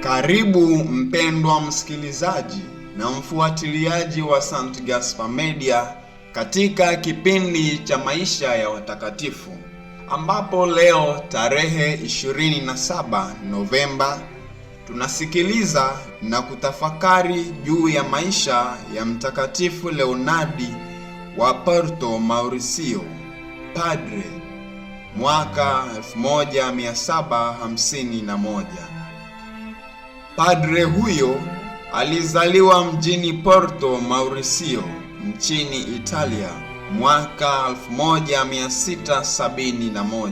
Karibu mpendwa msikilizaji na mfuatiliaji wa St. Gaspar Media katika kipindi cha maisha ya watakatifu ambapo leo tarehe 27 Novemba tunasikiliza na kutafakari juu ya maisha ya Mtakatifu Leonardi wa Porto Mauricio, padre mwaka 1751. Padre huyo alizaliwa mjini Porto, Mauricio, nchini Italia mwaka 1671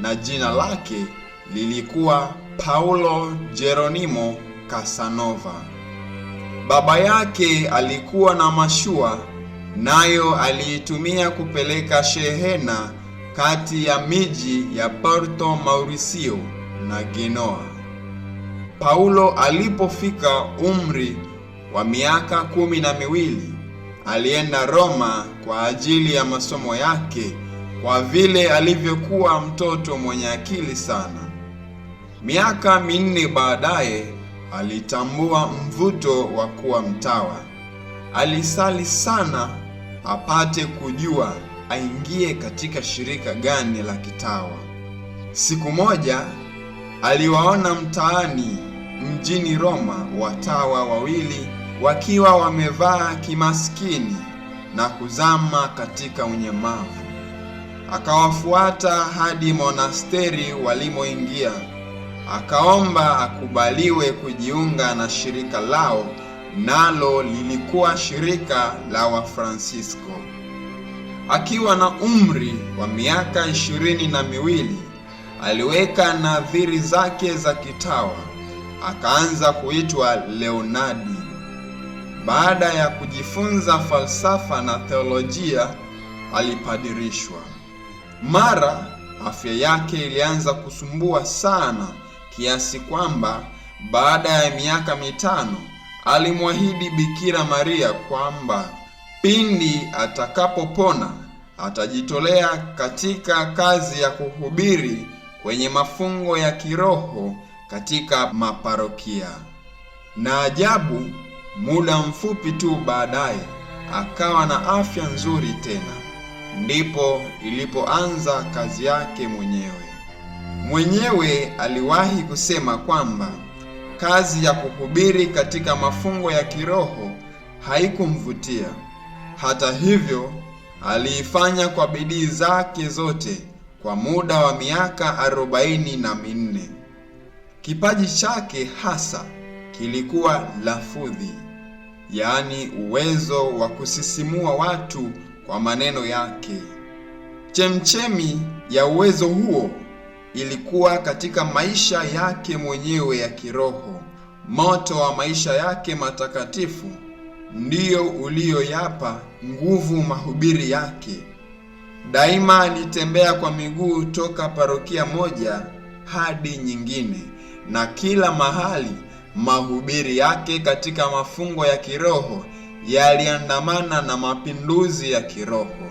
na jina lake lilikuwa Paulo Geronimo Casanova. Baba yake alikuwa na mashua, nayo aliitumia kupeleka shehena kati ya miji ya Porto Mauricio na Genoa. Paulo alipofika umri wa miaka kumi na miwili alienda Roma kwa ajili ya masomo yake kwa vile alivyokuwa mtoto mwenye akili sana. Miaka minne baadaye alitambua mvuto wa kuwa mtawa. Alisali sana apate kujua aingie katika shirika gani la kitawa. Siku moja aliwaona mtaani mjini Roma, watawa wawili wakiwa wamevaa kimaskini na kuzama katika unyemavu Akawafuata hadi monasteri walimoingia, akaomba akubaliwe kujiunga na shirika lao, nalo lilikuwa shirika la Wafransisko. Akiwa na umri wa miaka ishirini na miwili aliweka nadhiri zake za kitawa akaanza kuitwa Leonardi. Baada ya kujifunza falsafa na theolojia, alipadirishwa. Mara afya yake ilianza kusumbua sana kiasi kwamba baada ya miaka mitano alimwahidi Bikira Maria kwamba pindi atakapopona atajitolea katika kazi ya kuhubiri kwenye mafungo ya kiroho katika maparokia. Na ajabu, muda mfupi tu baadaye akawa na afya nzuri tena. Ndipo ilipoanza kazi yake mwenyewe. Mwenyewe aliwahi kusema kwamba kazi ya kuhubiri katika mafungo ya kiroho haikumvutia. Hata hivyo, aliifanya kwa bidii zake zote kwa muda wa miaka arobaini na minne. Kipaji chake hasa kilikuwa lafudhi, yaani uwezo wa kusisimua watu kwa maneno yake. Chemchemi ya uwezo huo ilikuwa katika maisha yake mwenyewe ya kiroho. Moto wa maisha yake matakatifu ndiyo uliyoyapa nguvu mahubiri yake. Daima alitembea kwa miguu toka parokia moja hadi nyingine na kila mahali mahubiri yake katika mafungo ya kiroho yaliandamana na mapinduzi ya kiroho.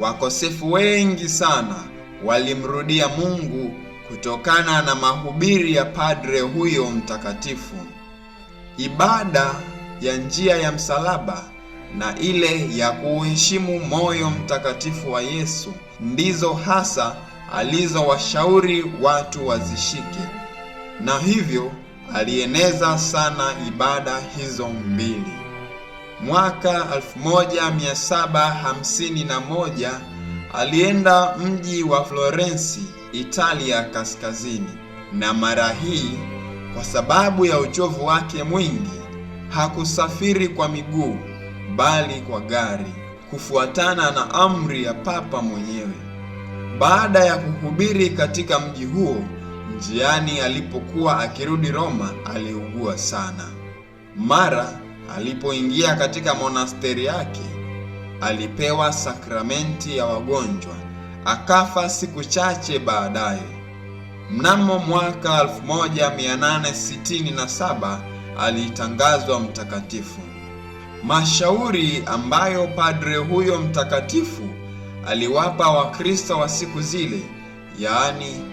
Wakosefu wengi sana walimrudia Mungu kutokana na mahubiri ya padre huyo mtakatifu. Ibada ya njia ya msalaba na ile ya kuuheshimu moyo mtakatifu wa Yesu ndizo hasa alizowashauri watu wazishike na hivyo alieneza sana ibada hizo mbili. Mwaka 1751 alienda mji wa Florensi, Italia kaskazini, na mara hii kwa sababu ya uchovu wake mwingi hakusafiri kwa miguu bali kwa gari kufuatana na amri ya Papa mwenyewe. Baada ya kuhubiri katika mji huo Njiani alipokuwa akirudi Roma aliugua sana. Mara alipoingia katika monasteri yake alipewa sakramenti ya wagonjwa, akafa siku chache baadaye. Mnamo mwaka 1867 alitangazwa mtakatifu. Mashauri ambayo padre huyo mtakatifu aliwapa Wakristo wa siku zile, yaani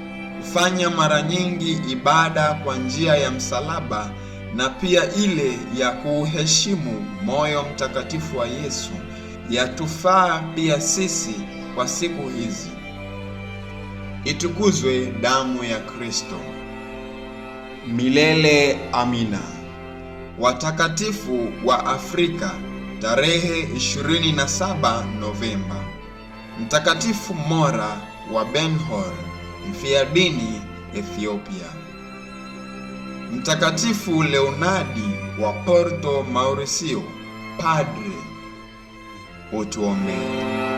fanya mara nyingi ibada kwa njia ya msalaba na pia ile ya kuuheshimu moyo mtakatifu wa Yesu yatufaa pia sisi kwa siku hizi. Itukuzwe damu ya Kristo! Milele amina. Watakatifu wa Afrika, tarehe 27 Novemba: Mtakatifu Mora wa Benhor mfiadini Ethiopia. Mtakatifu Leonardi wa Porto Mauricio, padre, utuombee.